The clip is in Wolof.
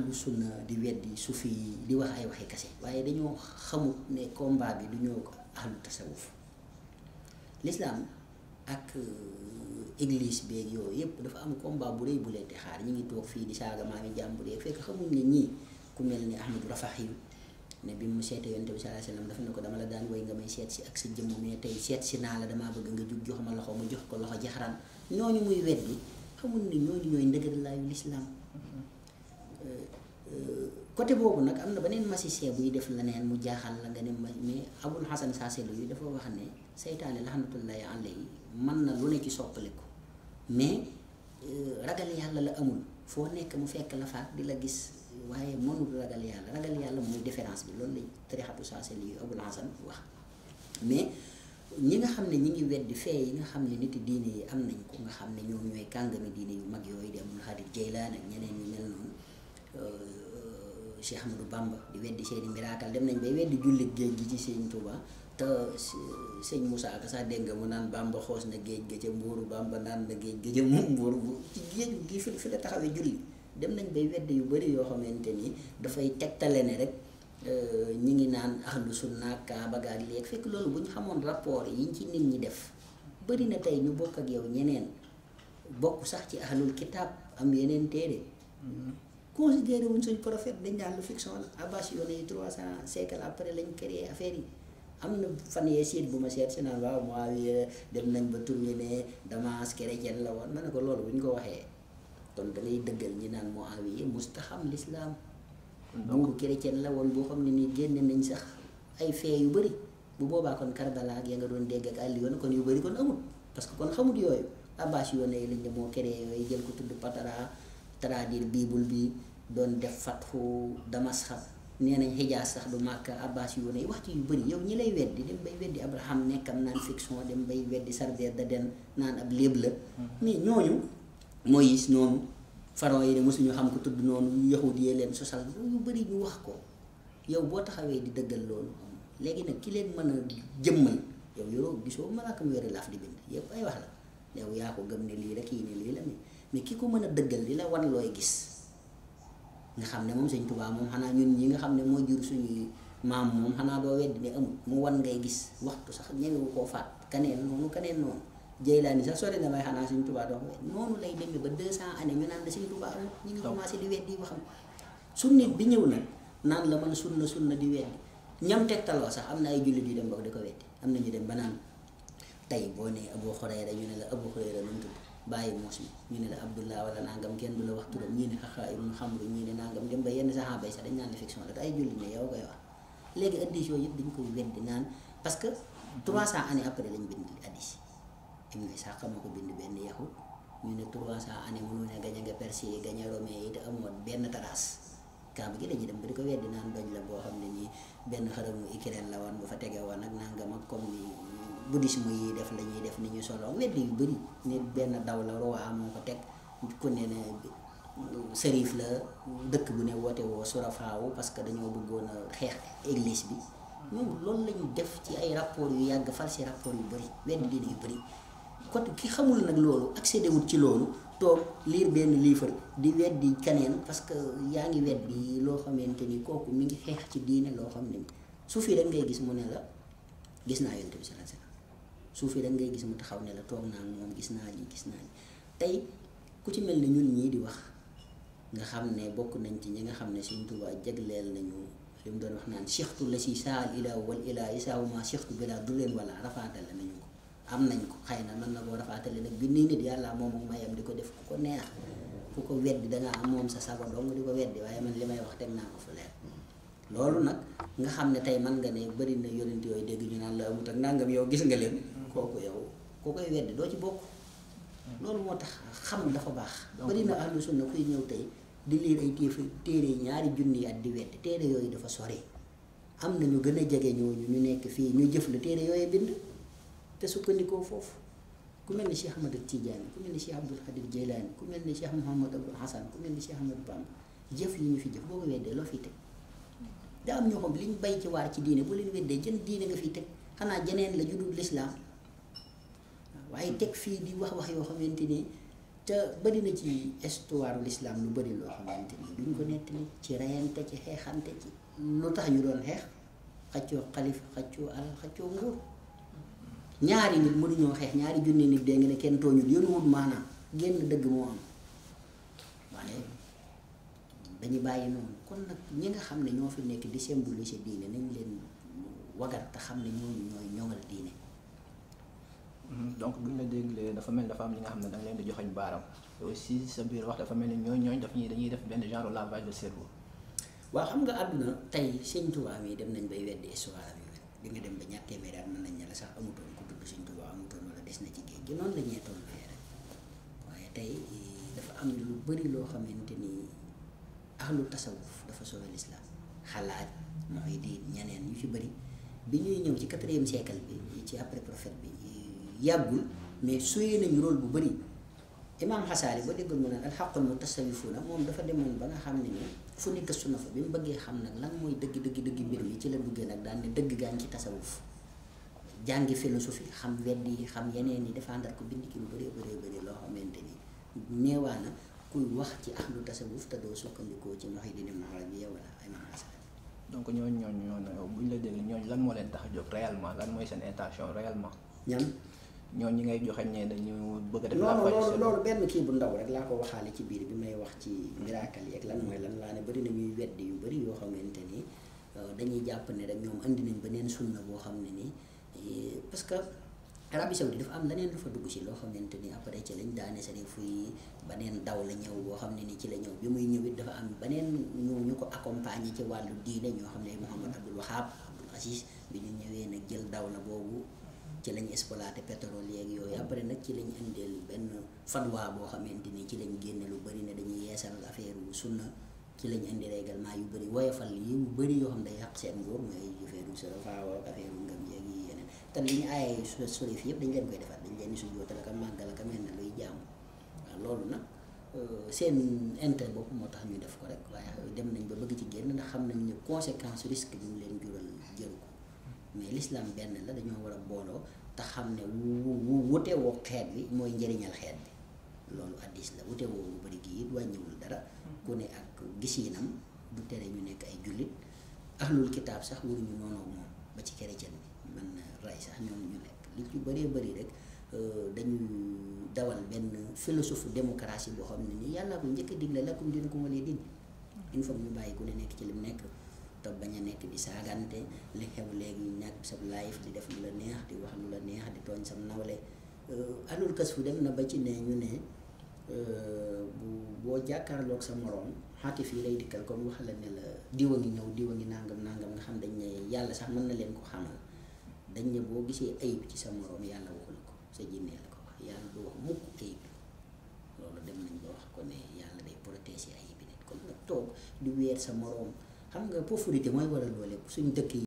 ahlu sunna di weddi sufi yi di wax ay waxi kase waaye dañoo xamut ne combat bi du ñoo ahlu tasawuf lislaam ak euh, église beeg yooyu yëpp dafa am combat bu rëy bu leen di xaar ñu ngi toog fii di saaga maami jàmbur yeeg fekk xamul ne ñii ku mel ni ahmadu rafax yu ne bi mu seetee yonent bi sallallahu alayhi wasallam dafa ne ko dama la daan woy nga may seet si ak sa jëmm mais tey seet si naa la damaa bëgg nga jug jox ma loxo ma jox ko loxo jaxaraan ñooñu muy weddi xamul ne côté boobu nag am na beneen magicien buy def leneen mu jaaxal la nga ne ma mais Abul Hasan Saaselo yi dafa wax ne seytaane laxnatullahi alayhi mën na lu ne ci soppaliku mais euh, ragal yàlla la amul foo nekk mu fekk la faak di la gis waaye mënul ragal yàlla ragal yàlla mooy différence bi loolu lay tarixatu Saaselo yi Abul Hasan wax mais ñi nga xam ne ñi ngi weddi fee yi nga xam ne nit diine yi am nañ ko nga xam ne ñoom ñooy kàngami diine yu mag yooyu di Abdul Xaadir Jeylaan Euh, Cheikh du Bamba di weddi seeni miracle dem nañ bay weddi julli géej gi ci sëñ Touba te sëñ Moussa sax dégg nga mu naan Bamba xoos na géej ga ca mbuuru Bamba naan na géej ga ca mbuuru gi fi fi la taxawee julli dem nañ bay weddi yu bëri yoo xamante ni dafay tegtale ne rek euh, ñu ngi naan ahlu sunna kaaba ga ak léegi fekk loolu bu ñu xamoon rapport yiñ ci nit ñi def bëri na tey ñu bokk ak yow ñeneen bokk sax ci ahlul kitaab am yeneen téere mm-hmm. considéré wuñ suñ prophète dañ daan lu fiction la abbas yoon yi trois cent siècle après lañ créé affaire yi am na fan yee siit bu ma seet si naan waaw Muawiya dem nañ ba tourné ne Damas chrétien la woon ma ne ko loolu bu ñu ko waxee kon da ngay dëggal ñi naan Muawiya mustaxam lislaam buur chrétien la woon boo xam ne nii génne nañ sax ay fee yu bëri bu boobaa kon Karbala ak nga doon dégg ak àll yoon kon yu bëri kon amul parce que kon xamut yooyu abbas yoon yi lañ ne moo créé yooyu jël ko tudd doon def fat fatxu damasxa nee nañ xijaas sax du màkka abbas yu wax ci yu bëri yow ñi lay weddi dem bay weddi abraham nekkam naan fiction dem bay weddi sardeer da den naan ab léeb la hmm. mais ñooñu Moïse noonu pharaon yi ne mosuñu xam ko tudd noonu yahud yee leen sosal yu bëri ñu wax ko yow boo taxawee di dëggal loolu léegi nag ki leen mën a jëmmal yow yoroo gisoo malaaka mu yore laaf di bind yëpp ay wax la yow yaa ko gëm ne lii la kii ne ki ko mën a dëggal li la wan looy gis nga xam ne moom sëñ Tuubaa moom xanaa ñun ñi nga xam ne moo jur suñuy maam moom xanaa doo weddi ne amul mu wan ngay gis waxtu sax ñemewu koo faat kaneen noonu kaneen noonu Jeylaani sax sori na may xanaa sëñ Tuubaa doo ko noonu lay demee ba 200 années ñu naan la sëñ Tuubaa amul ñu ngi commencé di weddi ba xam sunni bi ñëw nag naan la man sunna sunna di weddi ñam tegtaloo sax am na ay jullit yu dem ba di ko weddi am na ñu dem ba naan tey boo nee Abu Hurayra ñu ne la bàyyi muus mi ñu ne la abdullah wala nangam kenn du la wax turam ñii ne xaxaa ibnu xamru ñii ne nangam dem ba yenn saxaaba yi sax dañ naan la fiction la te ay jullit ne yow koy wax léegi addis yooyu yëpp dañ koy weddi naan parce que 300 années après lañ bind addis ko bind benn yahud ñu ne 300 années mënoo ne gañe nga perse benn gi la ñuy dem ba di ko boo xam ne nii benn xaramu ikireen la woon bu fa tegee woon ak nangam ak comme ni bouddhisme yi def la ñuy def ni ñu solo wedd yu bëri ne benn daw la roi moo ko teg ku ne ne sërif la dëkk bu ne woote woo surafaawu parce que dañoo bëggoon a xeex église bi ñoom loolu lañu def ci ay rapport yu yàgg fal si rapport yu bëri wedd diine yu bëri kon ki xamul nag loolu accédé wul ci loolu toog liir benn livre di weddi keneen parce que yaa ngi weddi loo xamante ni kooku mu ngi xeex ci diine loo xam ne su fii rek ngay gis mu ne la gis naa yonent bi suufee rek ngay gis mu taxaw ne la toog naa moom gis naa lii gis naa lii ku ci mel ne ñun ñii di wax nga xam ne bokk nañ ci ñi nga xam ne suñ Tuubaa jagleel nañu li mu doon wax naan sixtu la si saal ila wal ila isaawuma sixtu bi laa am nañ ko xëy na mën na koo rafaatale nag bi yàlla moom di ko def ko neex ku ko weddi dangaa am moom sa ko weddi waaye wax teg naa loolu nag nga xam ne tey mën nga ne na yonent yooyu dégg ñu naan la amut ak nangam yow gis nga leen kooku yow ku koy doo ci bokk hmm. loolu moo tax xam dafa baax bari na ahlu sunna kuy ñëw tey di liir ay téefa téere ñaari junni at di wedd téere yooyu dafa sore am na ñu gën a jege ñooñu ñu nekk fii ñu jëf la téere yooyu bind te sukkandikoo foofu ku mel ni Cheikh Ahmad Tidiane ku mel ni Cheikh Abdul Xadir ku mel ni Cheikh Mouhamad Abdul Hasan ku mel ni Cheikh Ahmad Bamba jëf yi ñu fi jëf boo ko weddee loo fiy teg da am ñoo xam li ñu bay ci waar ci diine boo leen weddee jën diine nga fiy teg xanaa jeneen la ju dul lislaam ay teg fii di wax wax yoo xamante ni te bëri na ci histoire l'islam lu bëri loo xamante duñ ko nettali ci reyante ci xeexante ci lu tax ñu doon xeex xaccoo xalifa xaccoo alal xaccoo nguur ñaari nit mënuñoo xeex ñaari junni nit dégg nga ne kenn tooñul yónnuwul maanaam génn dëgg moo waaye dañu bàyyi noonu kon nag ñi nga xam ne ñoo fi nekk di symboliser diine nañ leen wagar te xam ne ñooñu ñooy ñoŋal diine Mhm. donc bu ñu la déglee dafa mel dafa am li nga xam ne da nga leen di joxoñ baaram aussi sa biir wax dafa mel ni ñooñ ñooñ daf ñuy dañuy def benn genre lavage de cerveau xam nga àdduna tey sëñ Tuubaa mi dem nañ bay weddi histoire bi di nga dem ba ñaar téeméeri at mën nañ ne la sax amutoon ku tudd sëñ na ci géej gi noonu la ñee toll rek tey dafa am lu bëri loo xamante ni ahlu tasawuf dafa soowe lislaam xalaat mooy di ñeneen ñu ci bari bi ñuy ñëw ci quatrième siècle bi ci après prophète bi yàggul mais suyee nañu rôle bu bëri imaam xasaali ba déggoon mu naan alxaqul mutasawifuuna moom dafa demoon ba nga xam ne ni fu nekk su fa bi mu bëggee xam nag lan mooy dëgg dëgg dëgg mbir mi ci la duggee nag daan ne dëgg gaañ ci tasawuf jàngi philosophie xam wedd yi xam yeneen yi défendre ko bind ki lu bëree bëree bëri loo xamante ni neewaana kuy wax ci ax ahlu tasawuf te doo sukkandikoo ci Muhyiddin yi Arabi wala imaam xasaali donc ñooñu ñooñu ñooñu buñ la dégg ñooñu lan moo leen tax a jóg lan mooy seen intention réellement ñoo ñi ngay joxe ñee dañu bëgg a def. la loolu benn kii bu ndaw laa ko waxaale ci biir bi may wax ci miracle yeeg lan mooy lan laa ne bari na ñuy weddi yu yoo xamante ni euh, dañuy jàpp ne rek ñoom andi nañ beneen sunna boo xam ne nii euh, parce que Arabie Saoudite dafa am leneen lu fa dugg si loo xamante ni après ci lañ daane sari fuy beneen daw la ñëw boo xam ne nii ci la ñëw bi muy ñëw it dafa am beneen ñu ñu ko accompagner ci wàllu diine ñoo xam ne Mouhamad Abdul Wahab Abdul Aziz bi ñu ñëwee nag jël daw la boobu ci lañ exploité pétrole yeeg yooyu mm-hmm. après nag ci lañ indeel benn fatwa boo xam xamante ni ci lañ génne lu bëri ne dañuy yeesal affaire wu sunna ci lañ indi règlement yu bëri woyofal yi yu bëri yoo xam ne seen nguur mooy affaire sa faawa ak affaire ngëm yeeg yi yeneen te li ñu aayee su solif yëpp dañ leen koy defar dañ leen di sujjootal ak màggal ak mel ne luy jaamu waaw loolu nag euh, seen intérêt bopp moo tax ñu def ko rek waaye dem nañ ba bëgg ci génn ndax xam nañ ne conséquence risque bi mu leen l'islam benn la dañoo war a booloo te xam ne wu wute woo xeet bi mooy njëriñal xeet bi loolu addis la wute woo lu bari gi it wàññiwul dara ku ne ak gisiinam du tere ñu nekk ay jullit ahlul kitaab sax waruñu noonu moom ba ci chrétien bi man ray sax ñoom ñu nekk li ci bëree bëri rek euh, dañuy dawal benn philosophe démocratie boo xam ne ni yàllaa ko njëkk a digle lakum diinukum waliya diin il faut ñu bàyyi ku ne nekk ci mu nekk te bañ a nekk di saagante li xew léegi ñàkk sab live di def lu la neex di wax lu la neex di tooñ sam nawle euh, alul kas fu dem na ba ci ne ñu ne euh, bu boo jàkkaarloog sa moroom xaati fii lay dikkal comme wax la ne la diwa ngi ñëw diwa ngi nàngam nangam nga xam dañ ne yàlla sax mën na leen ko xamal dañ ne boo gisee ayib ci sa moroom yàlla waxu ko sa jinnee la ko wax yàlla du wax mukk ayib loolu dem nañ ba wax ko ne yàlla day protéger ayib bi nit kon nag toog xam nga pauvreté mooy waral loolu lépp suñ dëkk yi